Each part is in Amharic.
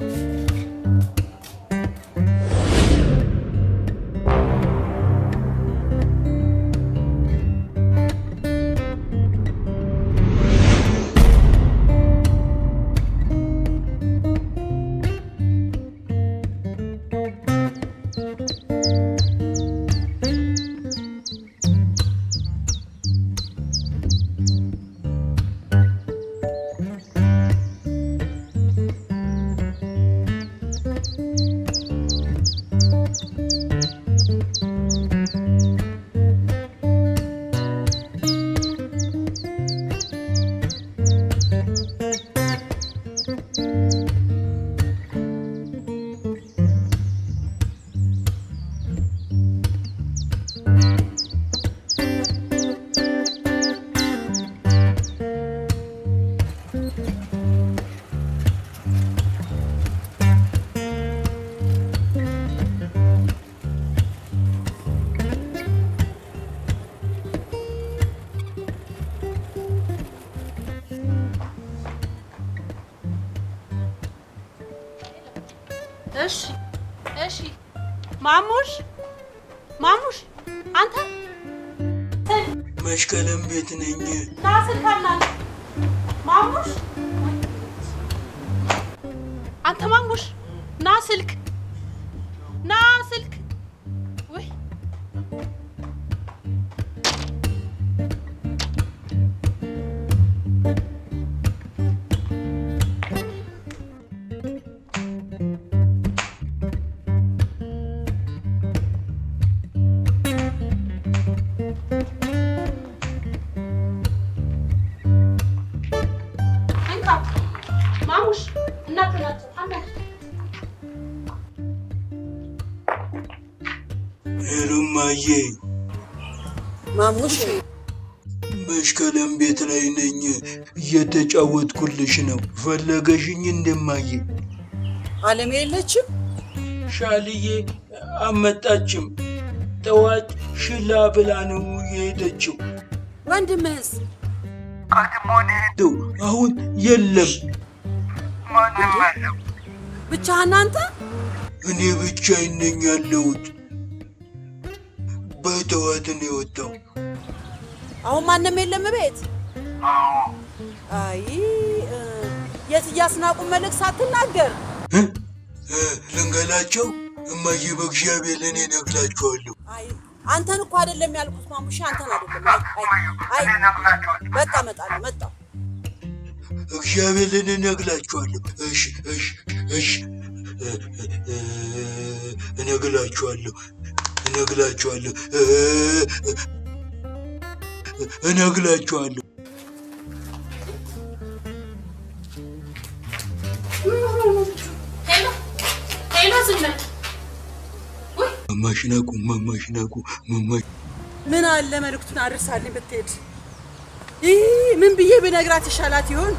Música ቤት ነኝ። አንተ ማሙሽ ና ስልክ ና ስልክ ማሙሽ መሽከለም ቤት ላይ ነኝ። እየተጫወትኩልሽ ነው። ፈለገሽኝ እንደማየ አለም የለችም። ሻልዬ አመጣችም። ጠዋት ሽላ ብላ ነው የሄደችው። ወንድምህስ ቀድሞን አሁን የለም። ማንም አለው። ብቻህን እኔ ብቻ ነኝ በጠዋት ነው የወጣው። አሁን ማንም የለም ቤት? አይ የት እያስናቁን መልክ ሳትናገር ልንገላቸው እማዬ በእግዚአብሔር እኔ እነግራቸዋለሁ። አንተን እኮ አይደለም ያልኩት ማሙሽ፣ አንተን አይደለም። አይ በቃ እመጣለሁ፣ መጣሁ። እግዚአብሔር እኔ እነግራቸዋለሁ። እሺ፣ እሺ፣ እሺ፣ እነግራቸዋለሁ እነግላችኋለሁ፣ እነግላችኋለሁ። ማሽናቁ ማሽናቁ ምን አለ መልእክቱን አድርሳልኝ ብትሄድ ይህ ምን ብዬ ብነግራት ይሻላት ይሆን?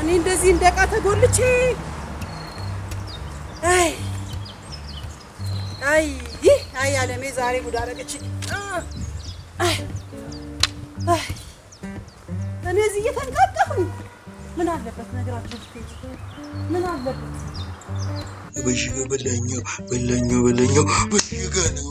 እኔ እንደዚህ እንደ ዕቃ ተጎልቼ አይ አይ አለሜ ዛሬ ጉድ አደረገችኝ። እኔ እዚህ እየተንቃጠሁኝ ምን አለበት ነግራችሁ፣ ምን አለበት በሽጋ በላኛው በላኛው በላኛው በሽጋ ነው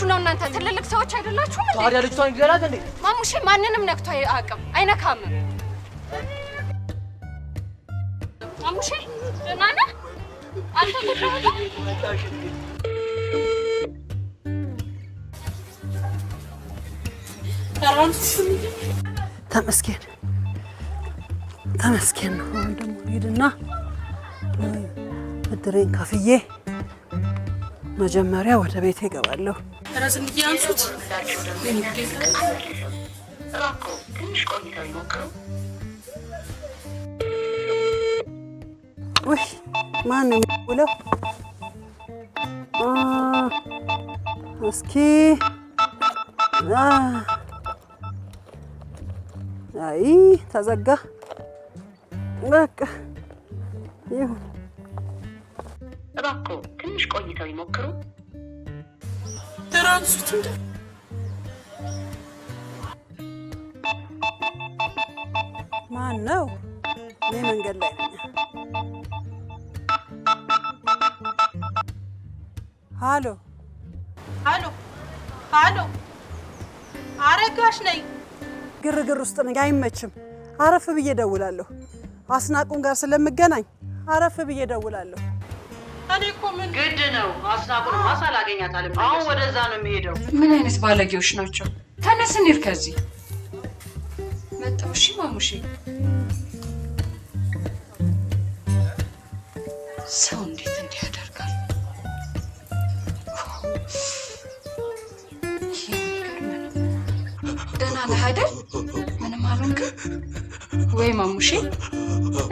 ምናችሁ ነው እናንተ? ትልልቅ ሰዎች አይደላችሁም እንዴ? ታዲያ ልጅቷን ይገላት እንዴ? ማሙሼ ማንንም ነክቶ አያውቅም፣ አይነካም። ማሙሼ ደህና ነህ አንተ? ተመስገን ተመስገን ነው። አሁን ደግሞ ሄድና እድሬን ከፍዬ መጀመሪያ ወደ ቤቴ እገባለሁ። ራስ እንዲያንሱት ውይ ማን ነው የሚውለው? እስኪ አይ ተዘጋ። በቃ ይሁን እባክዎ፣ ትንሽ ቆይተው ይሞክሩ። አንሱት እንደ ማን ነው? እኔ መንገድ ላይ ሀሎ ሀሎ ሀሎ፣ አረጋሽ ነኝ። ግርግር ውስጥ ነኝ፣ አይመችም። አረፍ ብዬ ደውላለሁ። አስናቁን ጋር ስለምገናኝ አረፍ ብዬ ደውላለሁ። ግድ ነው። አስናቁን ማሳላገኛት አለ። አሁን ወደዛ ነው የሚሄደው። ምን አይነት ባለጌዎች ናቸው? ተነስ እንሂድ ከዚህ መጣሁ። እሺ ሰው እንዴት እንዲህ ያደርጋል? ደህና ነህ አይደል? ምንም አልሆንክም ወይ ማሙሽ?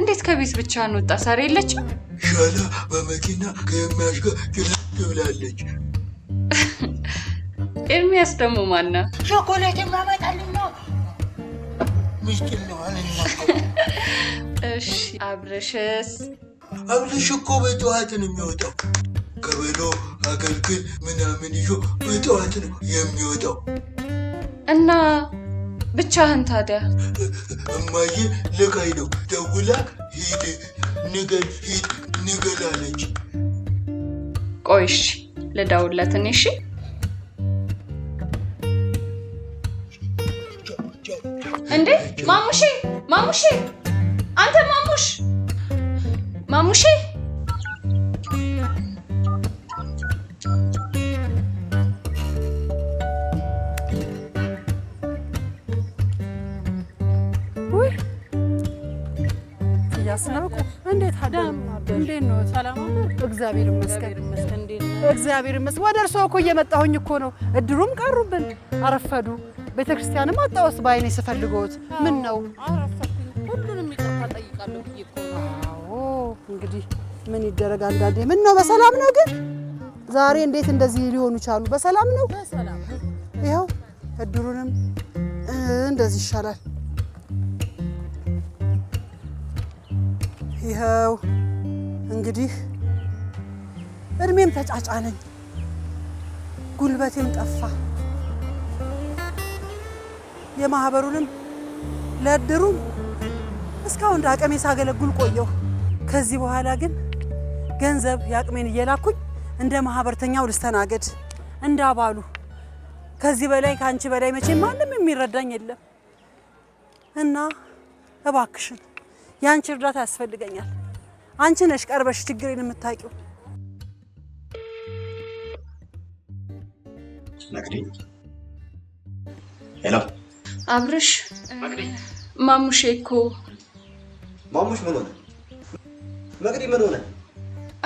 እንዴት ከቤት ብቻ እንወጣ ሳር የለችም? ሻላ በመኪና ከሚያሽ ጋር ጅላት ትብላለች። ኤርሚያስ ደግሞ ማና ቾኮሌት የማመጣልን ነው ምስኪን ነው አለ። እሺ አብረሽስ? አብረሽ እኮ በጠዋት ነው የሚወጣው ከበሎ አገልግል ምናምን ይዞ በጠዋት ነው የሚወጣው እና ብቻህን ታዲያ እማዬ ልካይ ነው ደውላ ሂድ ንገር ሂድ ንገላለች። ቆይሽ ቆይ ልደውልለት እኔ። እሺ እንዴ ማሙሼ፣ ማሙሼ፣ አንተ ማሙሽ፣ ማሙሼ እንዴት ነው? ሰላም ነው? እግዚአብሔር ይመስገን። እግዚአብሔር ይመስገን። ወደ እርስዎ እኮ እየመጣሁኝ እኮ ነው። እድሩም ቀሩብን፣ አረፈዱ። ቤተ ክርስቲያንም አጣሁት። በዓይኔ ስፈልገውት ምን ነው ሁሉንም ይቅርታ እጠይቃለሁ ብዬ እኮ ነው። እንግዲህ ምን ይደረግ። አንዳንዴ ምን ነው በሰላም ነው ግን ዛሬ እንዴት እንደዚህ ሊሆኑ ቻሉ? በሰላም ነው። ይኸው እድሩንም እንደዚህ ይሻላል። ይኸው እንግዲህ እድሜም ተጫጫነኝ፣ ጉልበቴም ጠፋ። የማህበሩንም ለእድሩም እስካሁን አቅሜ ሳገለግል ቆየሁ። ከዚህ በኋላ ግን ገንዘብ የአቅሜን እየላኩኝ እንደ ማህበርተኛው ልስተናገድ እንዳባሉ። ከዚህ በላይ ከአንቺ በላይ መቼ ማንም የሚረዳኝ የለም እና እባክሽን የአንቺ እርዳታ ያስፈልገኛል። አንቺ ነሽ ቀርበሽ ችግሬን የምታውቂው። ሄሎ አብርሽ፣ ማሙሽ እኮ ማሙሽ ምን ሆነ? መቅዲ ምን ሆነ?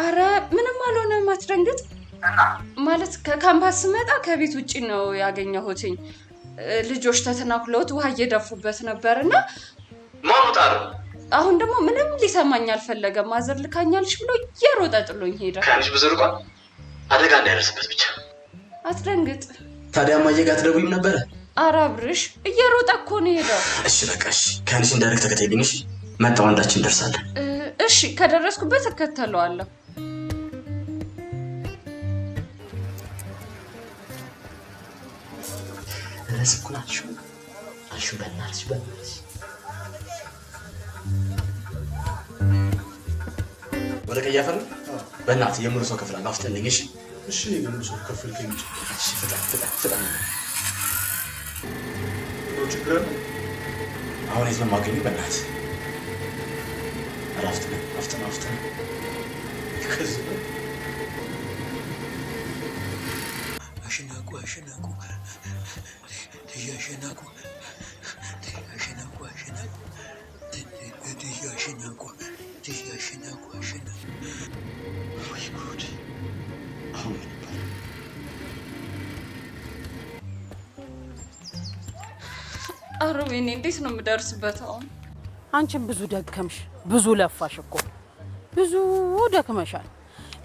አረ ምንም አልሆነ አትደንግጥ። ማለት ከካምፓስ ስመጣ ከቤት ውጭ ነው ያገኘሁትኝ። ልጆች ተተናኩለውት ውሃ እየደፉበት ነበር እና ማሙጣ ነው አሁን ደግሞ ምንም ሊሰማኝ አልፈለገም። ማዘር ልካኛልሽ ብሎ እየሮጠ ጥሎኝ ሄደ። ከልጅ ብዙ ርቋል፣ አደጋ እንዳይደርስበት ብቻ። አትደንግጥ። ታዲያ እማዬ ጋር ትደውይም ነበረ? ኧረ አብርሽ እየሮጠ እኮ ነው ሄደው። እሺ በቃ እሺ፣ ከአንቺ እንዳደረግ ተከታይልኝ። እሺ መጣሁ፣ አንዳችን እንደርሳለን። እሺ ከደረስኩበት እከተለዋለሁ። ረስኩናችሁ አሹ በናትሽ በናትሽ ورقه يا فرن بنات يمر سوق كفل عرفت اني ايش ايش اللي يمر سوق كفل كنت شي فتح فتح فتح روتكر هون اسمه ما كان بنات عرفت عرفت عرفت كز عشان اكو عشان اكو عشان اكو አረ እንዴት ነው የምደርስበት? አሁን ብዙ ደከምሽ፣ ብዙ ለፋሽ እኮ ብዙ ደክመሻል።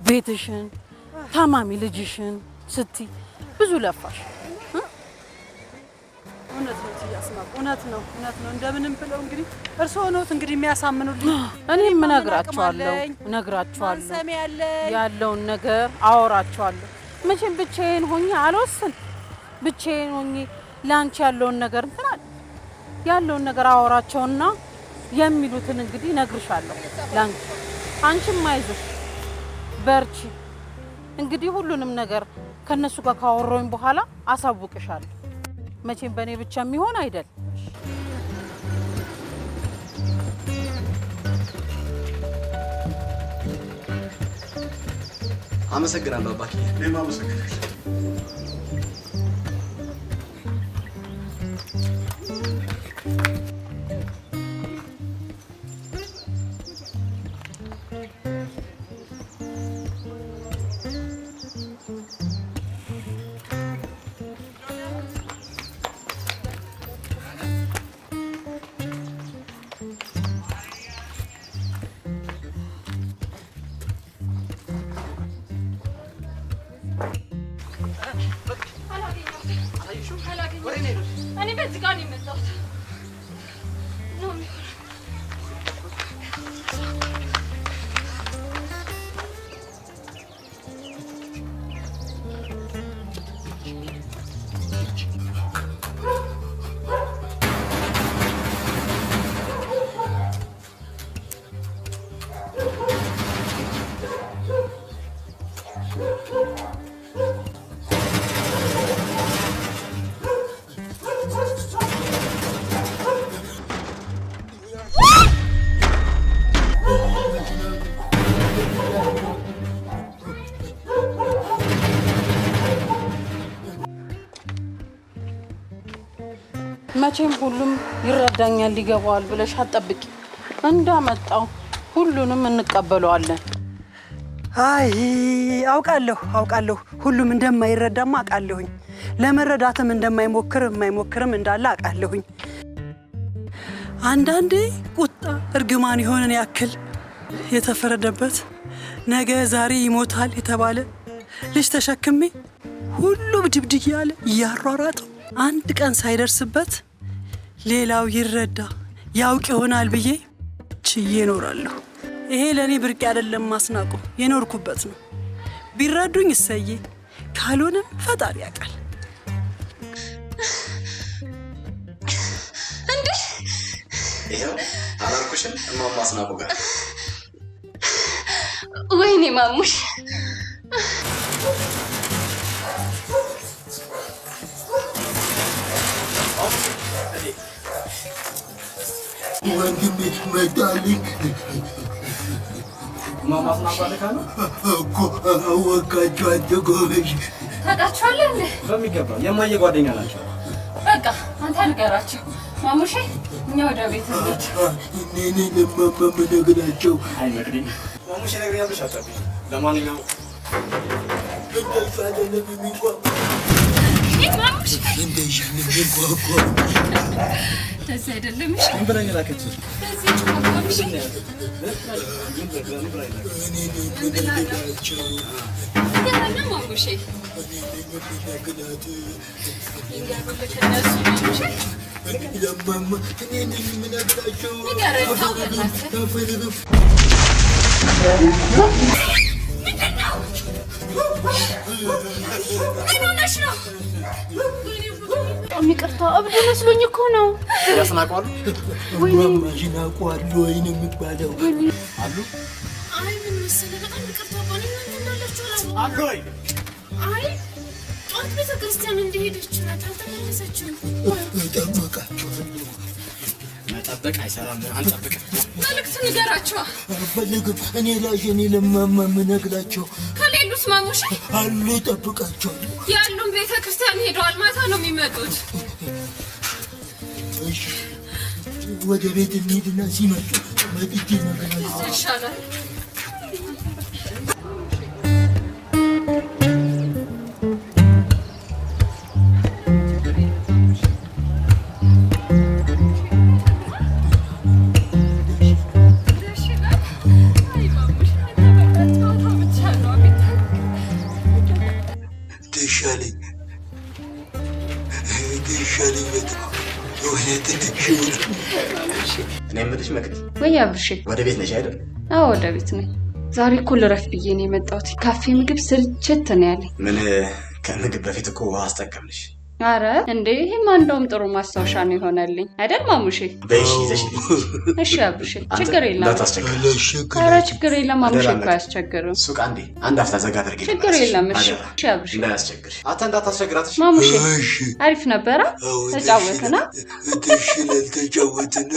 ቤትሽን፣ ታማሚ ልጅሽን ስቲ ብዙ ለፋሽ። እውነት ነው እውነት ነው፣ እውነት ነው። እንደምንም ብለው እንግዲህ እርስዎ ሆኖት እንግዲህ የሚያሳምኑልኝ። እኔም እነግራቸዋለሁ፣ እነግራቸዋለሁ፣ ያለውን ነገር አወራቸዋለሁ። መቼም ብቻዬን ሆኜ አልወስን፣ ብቻዬን ሆኜ ለአንቺ ያለውን ነገር ያለውን ነገር አወራቸውና የሚሉትን እንግዲህ እነግርሻለሁ። ላን አንቺም አይዞሽ በርቺ። እንግዲህ ሁሉንም ነገር ከነሱ ጋር ካወራሁኝ በኋላ አሳውቅሻለሁ። መቼም በእኔ ብቻ የሚሆን አይደል። አመሰግናለሁ አባቴ። እኔም አመሰግናለሁ። Bye. መቼም ሁሉም ይረዳኛል ይገባዋል ብለሽ አጠብቂ። እንዳመጣው ሁሉንም እንቀበለዋለን። አይ አውቃለሁ አውቃለሁ፣ ሁሉም እንደማይረዳማ አውቃለሁኝ። ለመረዳትም እንደማይሞክር የማይሞክርም እንዳለ አውቃለሁኝ። አንዳንዴ ቁጣ እርግማን የሆነን ያክል የተፈረደበት ነገ ዛሬ ይሞታል የተባለ ልጅ ተሸክሜ ሁሉም ድብድብ ያለ እያሯሯጠው አንድ ቀን ሳይደርስበት ሌላው ይረዳ ያውቅ ይሆናል ብዬ ችዬ እኖራለሁ። ይሄ ለእኔ ብርቅ አይደለም፣ ማስናቆ የኖርኩበት ነው። ቢረዱኝ እሰዬ፣ ካልሆነም ፈጣሪ ያውቃል። እንዴ ይኸው አላልኩሽም? ጋር ወይኔ ማሙሽ ወንድሜ መጣልኝ እኮ ታውቃቸዋለህ በሚገባ የማየ ጓደኛ ናቸው። በቃ አንተ ንገራቸው ማሙሼ፣ እኛ ወደ ቤት እንሂድ። የምነግራቸው ማሙሼ፣ ለማንኛውም ምንድን ነው? ምን ሆነሽ ነው? ይቅርታ እብድ መስሎኝ እኮ ነው። ያስናቋሉ ይናቋሉ ወይ የሚባለው አሉ። አይ ምን መሰለህ በጣም ይቅርታ ባለ ምንትናላችሁ አሉ ወይ አይ ጠዋት ቤተክርስቲያን እንደሄደች ናት አልተመለሰችም። እጠብቃችኋለሁ መጠበቅ አይሰራም። አንጠብቅም። መልዕክት ንገራቸዋ አልፈልግም። እኔ ላይ እኔ ለማማ ምነግላቸው ከሌሉስ ማሙሽ አሉ ይጠብቃቸው። ያሉን ቤተ ክርስቲያን ሄደዋል። ማታ ነው የሚመጡት። ወደ ቤት እንሂድና ሲመጡ መጥቼ ይሻላል። እሺ ወደ ቤት ነሽ አይደል? አዎ ወደ ቤት ነኝ። ዛሬ እኮ ልረፍ ብዬ ነው የመጣሁት። ካፌ ምግብ ስልችት ነው ያለኝ። ምን ከምግብ በፊት እኮ ውሃ አስጠቀምልሽ አረ እንዴ ይሄማ እንደውም ጥሩ ማስታወሻ ነው የሆነልኝ አይደል ማሙሼ? እሺ አብሽ ችግር የለም ችግር የለም ማሙሼ እኮ አያስቸግርም። ሱቅ አንዴ አንድ አፍታ ዘጋ አድርጌ ችግር የለም። እሺ አብሽ እንዳያስቸግር አንተ እንዳታስቸግራት ማሙሼ። አሪፍ ነበረ ተጫወትና ተጫወትና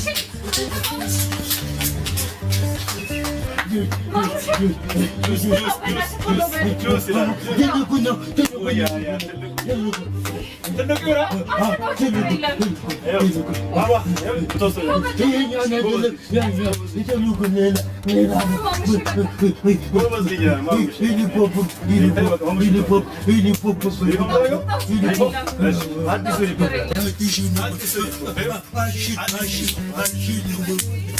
「うした！」。Hadi söyle. Hadi söyle. Hadi söyle.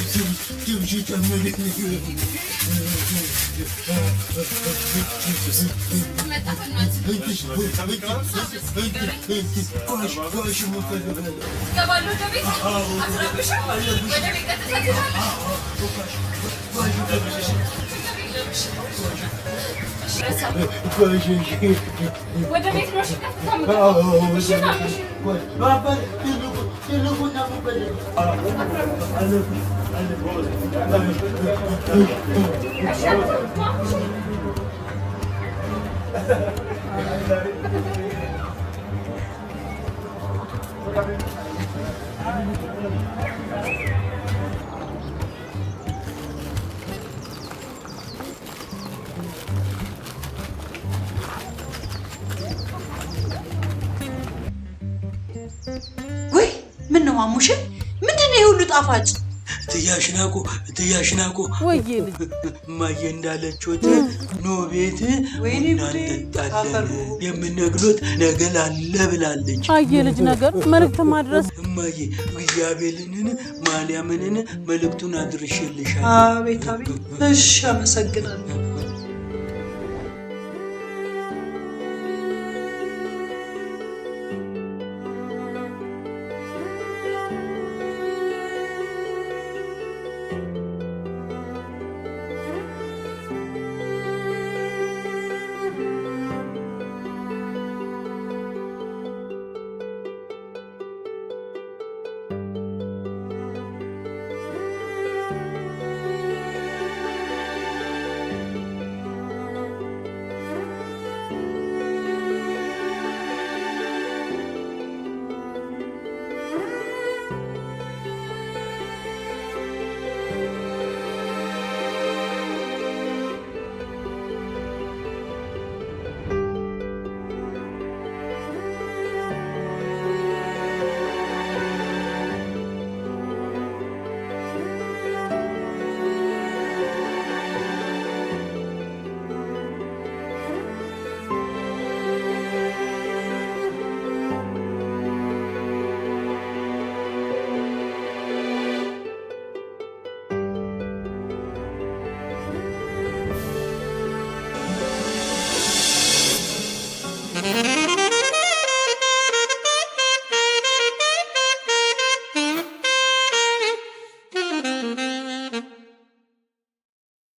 ወደ ቤት ነው ወይ ምን ነው ማሙሽ፣ ምንድን ነው የሁሉ ጣፋጭ? ትያሽናቆ ትያሽናቆ ወይዬ እማዬ እንዳለችት ኖ ቤት ቡና የምነግሎት ነገ አለ ብላለች። አየ ልጅ ነገር መልእክት ማድረስ እማዬ እግዚአብሔርንን ማርያምንን መልእክቱን አድርሽልሻል። አቤት አቤት። እሺ አመሰግናለሁ።